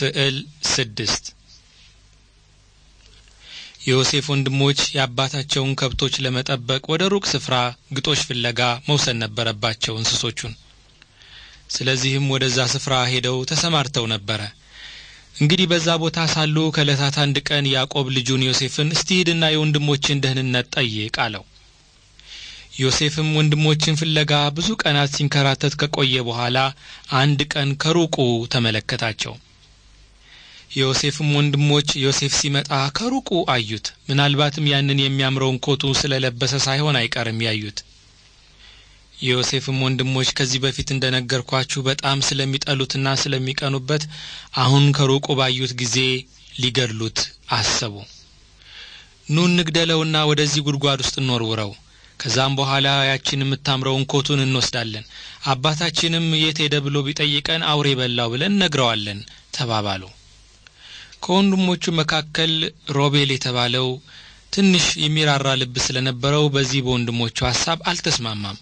ስዕል ስድስት የዮሴፍ ወንድሞች የአባታቸውን ከብቶች ለመጠበቅ ወደ ሩቅ ስፍራ ግጦሽ ፍለጋ መውሰድ ነበረባቸው እንስሶቹን። ስለዚህም ወደዛ ስፍራ ሄደው ተሰማርተው ነበረ። እንግዲህ በዛ ቦታ ሳሉ ከእለታት አንድ ቀን ያዕቆብ ልጁን ዮሴፍን እስቲ ሂድና የወንድሞችን ደህንነት ጠይቅ አለው። ዮሴፍም ወንድሞችን ፍለጋ ብዙ ቀናት ሲንከራተት ከቆየ በኋላ አንድ ቀን ከሩቁ ተመለከታቸው። የዮሴፍም ወንድሞች ዮሴፍ ሲመጣ ከሩቁ አዩት። ምናልባትም ያንን የሚያምረውን ኮቱ ስለለበሰ ሳይሆን አይቀርም ያዩት። የዮሴፍም ወንድሞች ከዚህ በፊት እንደ ነገርኳችሁ በጣም ስለሚጠሉትና ስለሚቀኑበት አሁን ከሩቁ ባዩት ጊዜ ሊገድሉት አሰቡ። ኑ እንግደለውና ወደዚህ ጉድጓድ ውስጥ እንወርውረው። ከዛም በኋላ ያችን የምታምረውን ኮቱን እንወስዳለን። አባታችንም የት ሄደ ብሎ ቢጠይቀን አውሬ በላው ብለን ነግረዋለን ተባባሉ። ከወንድሞቹ መካከል ሮቤል የተባለው ትንሽ የሚራራ ልብ ስለነበረው በዚህ በወንድሞቹ ሐሳብ አልተስማማም።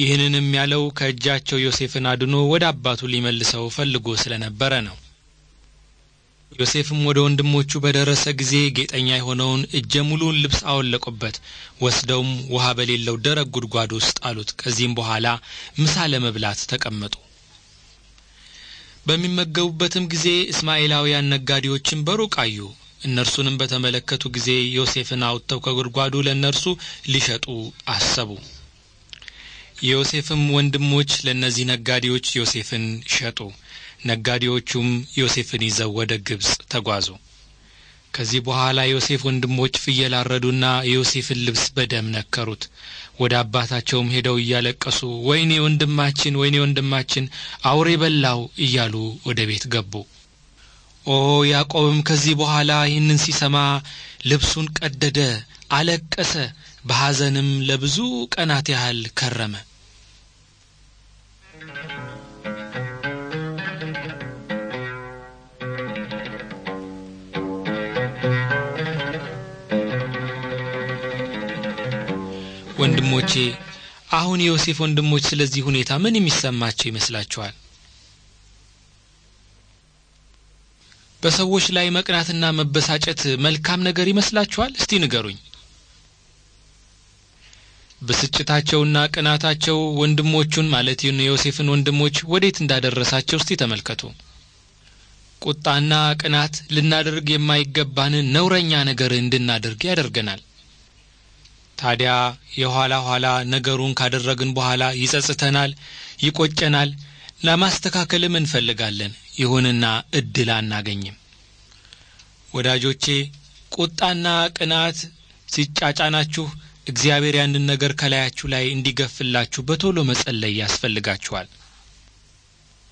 ይህንንም ያለው ከእጃቸው ዮሴፍን አድኖ ወደ አባቱ ሊመልሰው ፈልጎ ስለነበረ ነው። ዮሴፍም ወደ ወንድሞቹ በደረሰ ጊዜ ጌጠኛ የሆነውን እጀ ሙሉውን ልብስ አወለቁበት። ወስደውም ውሃ በሌለው ደረቅ ጉድጓድ ውስጥ አሉት። ከዚህም በኋላ ምሳ ለመብላት ተቀመጡ። በሚመገቡበትም ጊዜ እስማኤላውያን ነጋዴዎችን በሩቅ አዩ። እነርሱንም በተመለከቱ ጊዜ ዮሴፍን አውጥተው ከጉድጓዱ ለእነርሱ ሊሸጡ አሰቡ። ዮሴፍም ወንድሞች ለእነዚህ ነጋዴዎች ዮሴፍን ሸጡ። ነጋዴዎቹም ዮሴፍን ይዘው ወደ ግብፅ ተጓዙ። ከዚህ በኋላ ዮሴፍ ወንድሞች ፍየል አረዱና የዮሴፍን ልብስ በደም ነከሩት። ወደ አባታቸውም ሄደው እያለቀሱ ወይኔ ወንድማችን፣ ወይኔ ወንድማችን አውሬ በላው እያሉ ወደ ቤት ገቡ። ኦ ያዕቆብም ከዚህ በኋላ ይህንን ሲሰማ ልብሱን ቀደደ፣ አለቀሰ። በሐዘንም ለብዙ ቀናት ያህል ከረመ። ወንድሞቼ አሁን የዮሴፍ ወንድሞች ስለዚህ ሁኔታ ምን የሚሰማቸው ይመስላችኋል በሰዎች ላይ መቅናትና መበሳጨት መልካም ነገር ይመስላችኋል እስቲ ንገሩኝ ብስጭታቸውና ቅናታቸው ወንድሞቹን ማለት የዮሴፍን ወንድሞች ወዴት እንዳደረሳቸው እስቲ ተመልከቱ ቁጣና ቅናት ልናደርግ የማይገባንን ነውረኛ ነገር እንድናደርግ ያደርገናል ታዲያ የኋላ ኋላ ነገሩን ካደረግን በኋላ ይጸጽተናል፣ ይቆጨናል፣ ለማስተካከልም እንፈልጋለን። ይሁንና እድል አናገኝም። ወዳጆቼ ቁጣና ቅናት ሲጫጫናችሁ እግዚአብሔር ያንን ነገር ከላያችሁ ላይ እንዲገፍላችሁ በቶሎ መጸለይ ያስፈልጋችኋል።